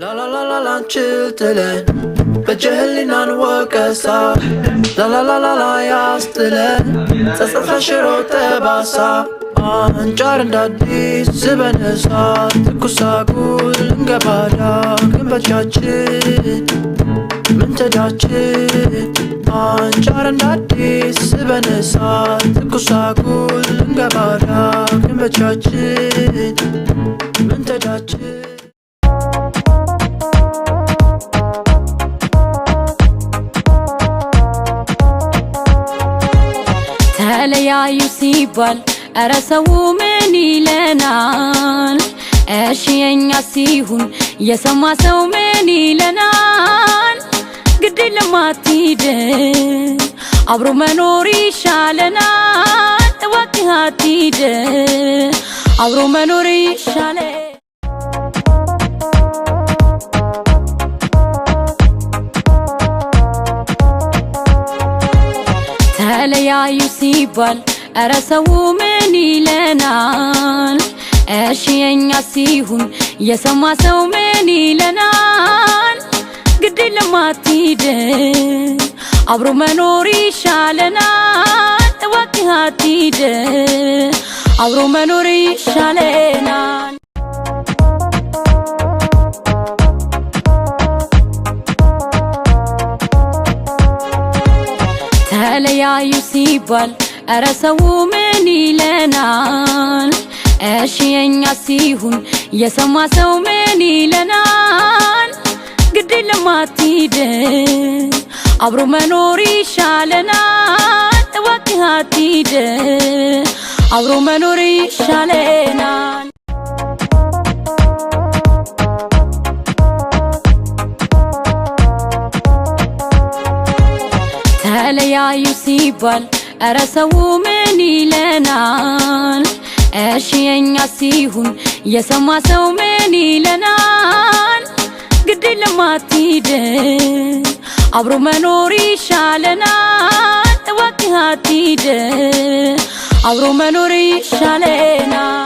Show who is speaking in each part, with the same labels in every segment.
Speaker 1: ላላላላላንችልትለ በጀህሊናን ወቀሳ ላላላላላ ያስትለ ጸጸተ ጠባሳ አንጫር እንዳዲስ ዝበነሳ ትኩሳቁል እንገባዳ ግንበቻችን ምንትዳችን አንጫር እንዳዲስ ዝበነሳ ትኩሳቁል እንገባዳ ግንበቻችን ምንትዳችን
Speaker 2: ተለያዩ ሲባል እረ ሰው ምን ይለናል? እሺ የኛ ሲሆን የሰማ ሰው ምን ይለናል? ግድ ለማትሂድ አብሮ መኖር ይሻለናል። እባክህ አትሂድ አብሮ መኖር ይሻለ ተለያዩ ሲባል እረ ሰው ምን ይለናል? እሺ የኛ ሲሆን የሰማ ሰው ምን ይለናል? ግድ ለማትሂድ አብሮ መኖር ይሻለናል። እባክህ አትሂድ አብሮ መኖር ይሻለናል። ተለያዩ ሲባል እረ ሰው ምን ይለናል? እሺ የኛ ሲሆን የሰማ ሰው ምን ይለናል? ግድ የለም አብሮ መኖር ይሻለናል። እወቅ አትሂድም አብሮ መኖር ይሻለናል። ተለያዩ ሲባል እረ ሰው ምን ይለናል? እሺ የኛ ሲሆን የሰማ ሰው ምን ይለናል? ግድ ለማትሂድ አብሮ መኖር ይሻለናል። እባክህ አትሂድ አብሮ መኖር ይሻለናል።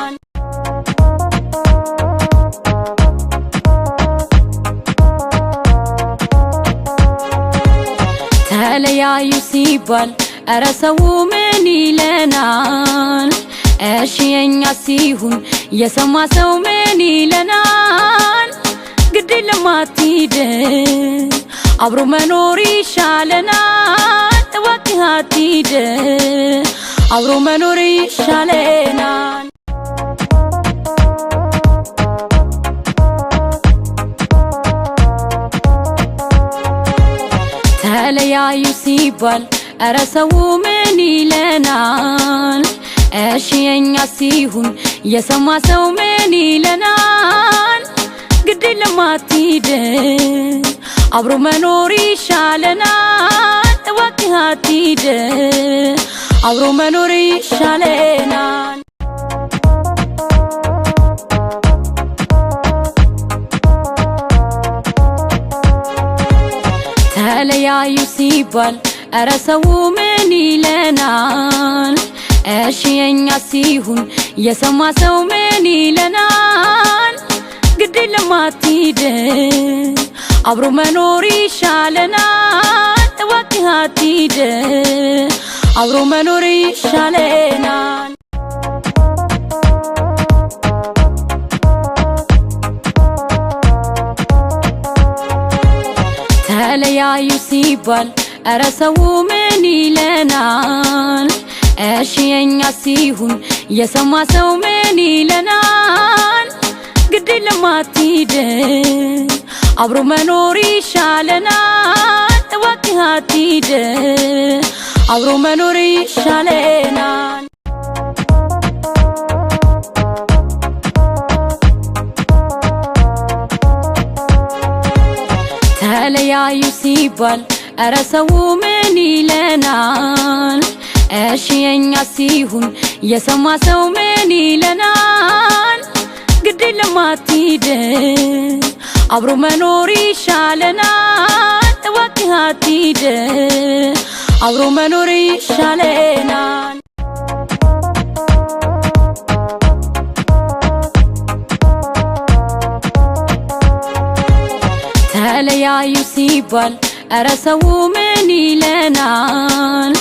Speaker 2: ተለያዩ ሲባል እረ ሰው ምን ይለናል? እሺ የኛ ሲሆን የሰማ ሰው ምን ይለናል? ግድ ለማትሂድ አብሮ መኖር ይሻለናል። እባክህ አትሂድ አብሮ መኖር ይሻለናል። ተለያዩ ሲባል እረ ሰው ምን ይለናል? እሺ የኛ ሲሆን የሰማ ሰው ምን ይለናል? ግድ የለም አብሮ መኖር ይሻለናል። እባክህ አትሂድ አብሮ መኖር ይሻለናል። ተለያዩ ሲባል እረ ሰው ምን ይለናል? እሺ የኛ ሲሆን የሰማ ሰው ምን ይለናል? ግድ የለም አብሮ መኖር ይሻለናል። እባክህ አትሂድ አብሮ መኖር ይሻለናል። ተለያዩ ሲባል እረ ሰው ምን ይለናል? እሺ የኛ ሲሆን የሰማ ሰው ምን ይለናል? ግድ ለማትሂድ አብሮ መኖር ይሻለናል። እባክህ አትሂድ አብሮ መኖር ይሻለናል። ተለያዩ ሲባል እረ ሰው ምን ይለናል? እሺ የኛ ሲሆን የሰማ ሰው ምን ይለናል? ግድ ለማትሂድ አብሮ መኖር ይሻለናል። እባክህ አትሂድ አብሮ መኖር ይሻለናል። ተለያዩ ሲባል እረ ሰው ምን ይለናል?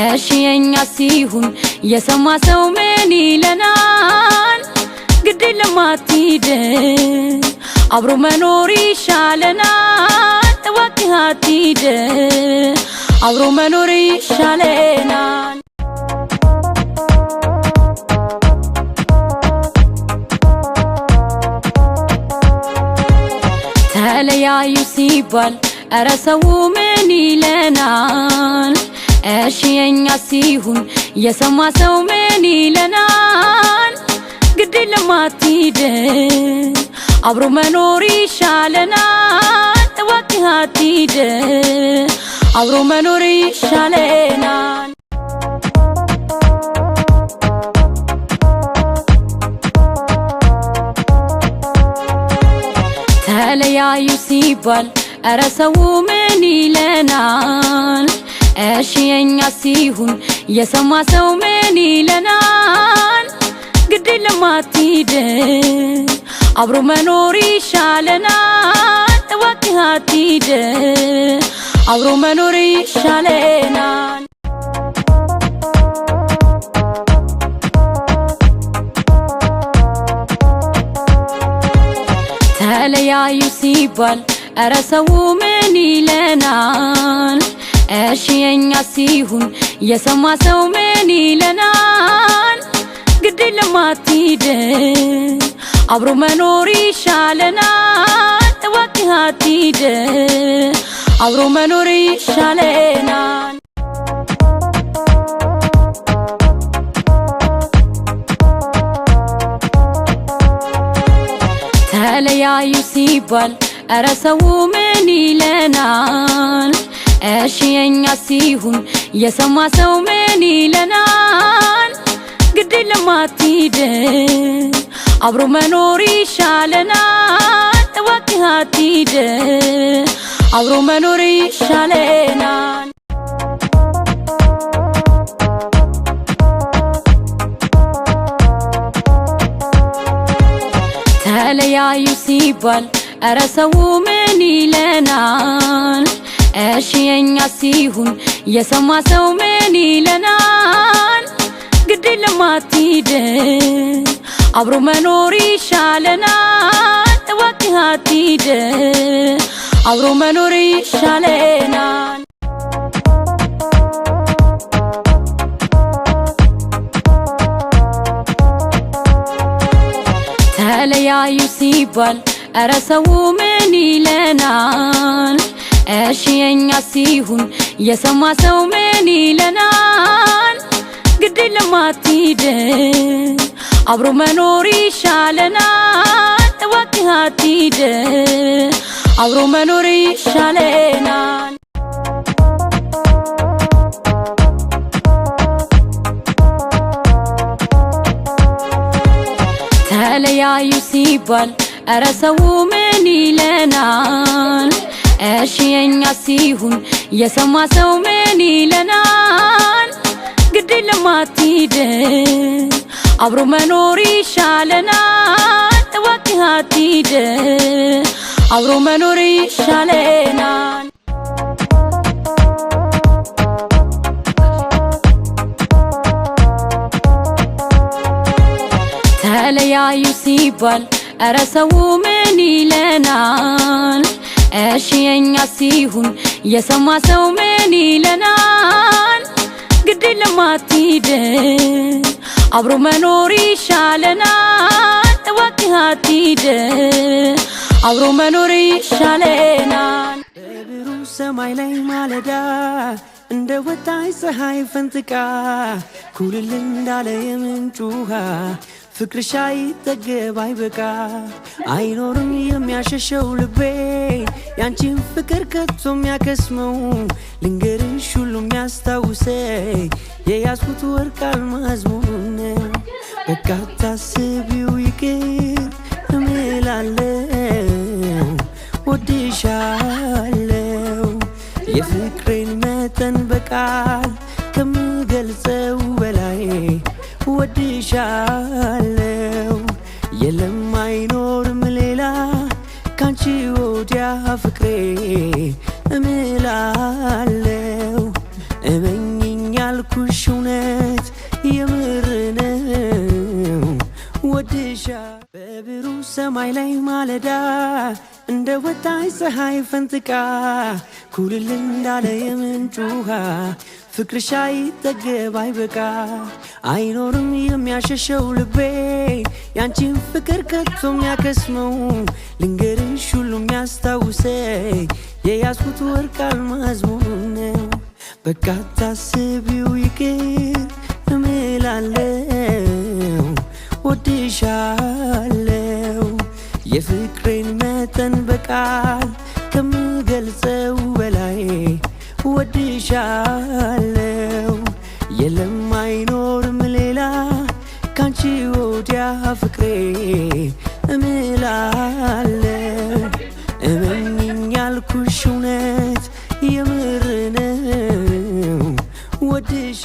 Speaker 2: እሺ የኛ ሲሆን የሰማ ሰው ምን ይለናል? ግድ ለማትሂድ አብሮ መኖር ይሻለናል። እዋክ አትሂድ አብሮ መኖር ይሻለናል። ተለያዩ ሲባል እረ ሰው ምን ይለናል? እሺ የኛ ሲሆን የሰማ ሰው ምን ይለናል? ግድ የለም አብሮ መኖር ይሻለናል። እባክህ አትሂድ፣ አብሮ መኖር ይሻለናል። ተለያዩ ሲባል እረ ሰው ምን ይለናል? እሺ የኛ ሲሆን የሰማ ሰው ምን ይለናል? ግድ ለማትሂድ አብሮ መኖር ይሻለናል። እባክህ አትሂድ አብሮ መኖር ይሻለናል። ተለያዩ ሲባል እረ ሰው ምን ይለናል? እሺ የኛ ሲሆን የሰማ ሰው ምን ይለናል? ግድ ለማትሂድ አብሮ መኖር ይሻለናል። እባክህ አትሂድ አብሮ መኖር ይሻለናል። ተለያዩ ሲባል እረ ሰው ምን ይለናል? እሺ የኛ ሲሆን የሰማ ሰው ምን ይለናል? ግድ ለማትሂድ አብሮ መኖር ይሻለናል። እወቅ አትሂድ አብሮ መኖር ይሻለናል። ተለያዩ ሲባል እረ ሰው ምን ይለናል? እሺ የኛ ሲሆን የሰማ ሰው ምን ይለናል? ግድ ለማትሂድ አብሮ መኖር ይሻለናል። እወቅ አትሂድ አብሮ መኖር ይሻለናል። ተለያዩ ሲባል እረ ሰው ምን ይለናል? እሺ የኛ ሲሆን የሰማ ሰው ምን ይለናል? ግድ ለማትሂድ አብሮ መኖር ይሻለናል። እባክህ አትሂድ አብሮ መኖር ይሻለናል። ተለያዩ ሲባል እረ ሰው ምን ይለናል? እሺ የኛ ሲሆን የሰማ ሰው ምን ይለናል? ግድ ለማትሂድ አብሮ መኖር ይሻለናል። እባክህ አትሂድ አብሮ መኖር ይሻለናል። ተለያዩ ሲባል እረ ሰው ምን ይለናል? እሺ የኛ ሲሆን የሰማ ሰው ምን ይለናል? ግድ ለማትሂድ አብሮ መኖር ይሻለናል። እወቅ አትሂድ አብሮ መኖር ይሻለናል።
Speaker 3: በብሩ ሰማይ ላይ ማለዳ እንደ ወጣች ፀሐይ ፈንጥቃ ኩልል እንዳለ የምንጩ ውሃ ፍቅርሽ አይጠገብ አይበቃ አይኖርም የሚያሸሸው ልቤ ያንቺን ፍቅር ከቶ የሚያከስመው ልንገርሽ ሁሉ የሚያስታውሰ የያዝኩት ወርቅ አልማዝ መሆኑን በቃ ታስቢው ይቅር እምላለው ወድሻለው የፍቅሬን መጠን በቃል ከምገልጸው በላይ ወድሻለው የለም አይኖርም ሌላ ካንቺ ወዲያ ፍቅሬ እምላለው እመኝኝ ያልኩሽ እውነት የምር ነው ወድሻ በብሩ ሰማይ ላይ ማለዳ እንደ ወጣች ፀሐይ ፈንጥቃ ኩልል እንዳለ የምንጩሃ ፍቅርሽ አይጠገብ አይበቃ አይኖርም የሚያሸሸው ልቤ ያንቺን ፍቅር ከቶ የሚያከስመው ልንገርሽ ሁሉ የሚያስታውሰ የያዝኩት ወርቅ አልማዝ መሆኑን በቃ ታስቢው ይቅር እምላለው ወድሻለው የፍቅሬን መጠን በቃል ከምገልጸው በላይ ወድሻለው የለም አይኖርም ሌላ ካንቺ ወዲያ ፍቅሬ እምላለው እመኝኝ ያልኩሽ እውነት የምር ነው ወድሻ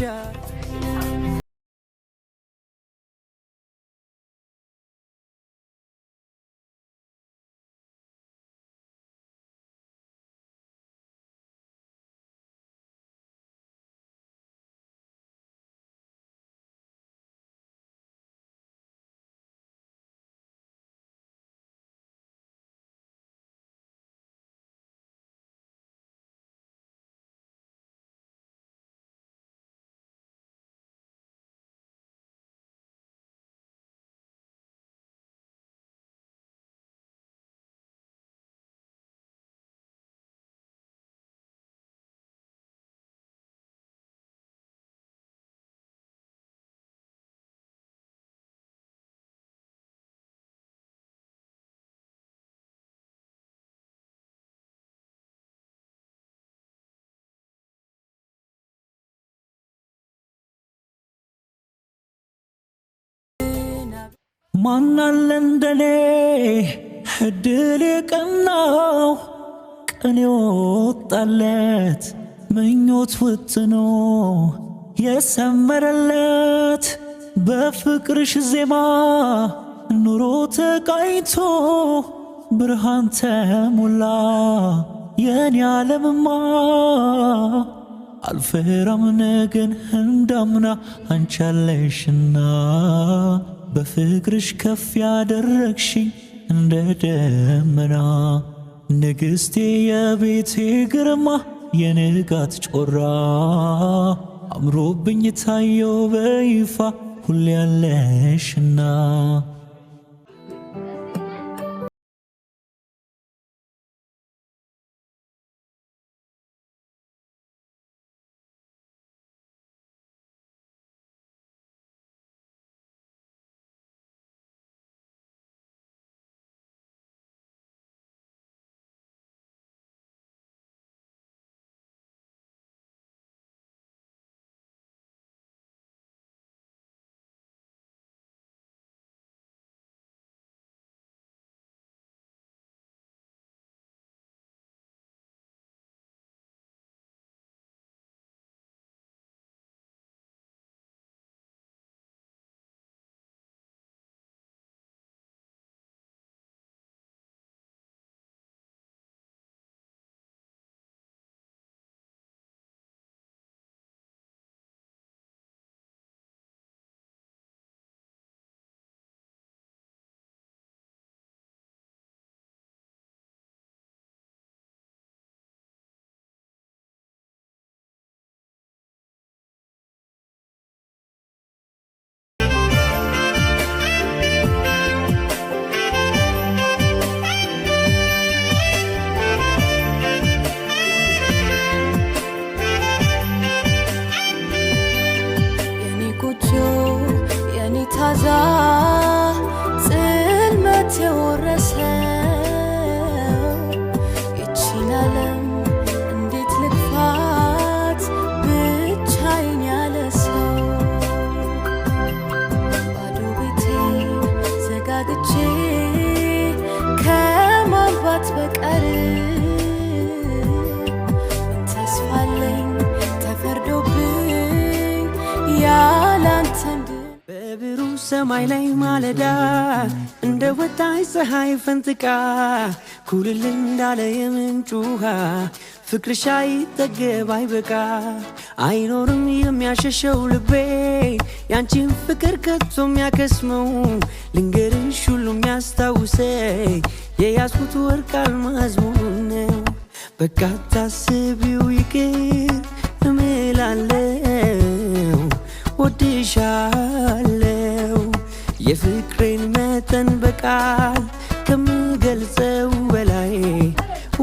Speaker 3: ማናለ እንደኔ እድል የቀናው ቀን የወጣለት ምኞት ውጥኖ የሰመረለት በፍቅርሽ ዜማ ኑሮ ተቃኝቶ ብርሃን ተሞላ የኔ ዓለምማ አልፈራም ነገን እንዳምና አንቻለሽና በፍቅርሽ ከፍ ያደረግሽኝ እንደ ደመና ንግሥቴ የቤቴ ግርማ የንጋት ጮራ አምሮብኝ ታየው በይፋ ሁሌ ያለሽና hazar ሰማይ ላይ ማለዳ እንደ ወጣይ ፀሐይ ፈንጥቃ ኩልል እንዳለ የምንጩ ውሃ ፍቅርሽ አይጠገብ አይበቃ አይኖርም የሚያሸሸው ልቤ ያንቺን ፍቅር ከቶ የሚያከስመው ልንገርሽ ሁሉ የሚያስታውሰ የያዝኩት ወርቅ አልማዝ ነው በቃ ታስቢው ይቅር እምላለው ወድሻለው የፍቅሬን መጠን በቃል ከምገልጸው በላይ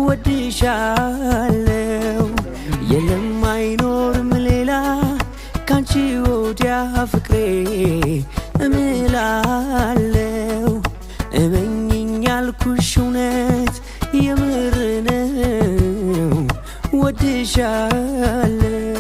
Speaker 3: ወድሻለው። የለም አይኖርም ሌላ ካንቺ ወዲያ ፍቅሬ እምላለው። እመኝኝ ያልኩሽ እውነት የምር ነው ወድሻለው።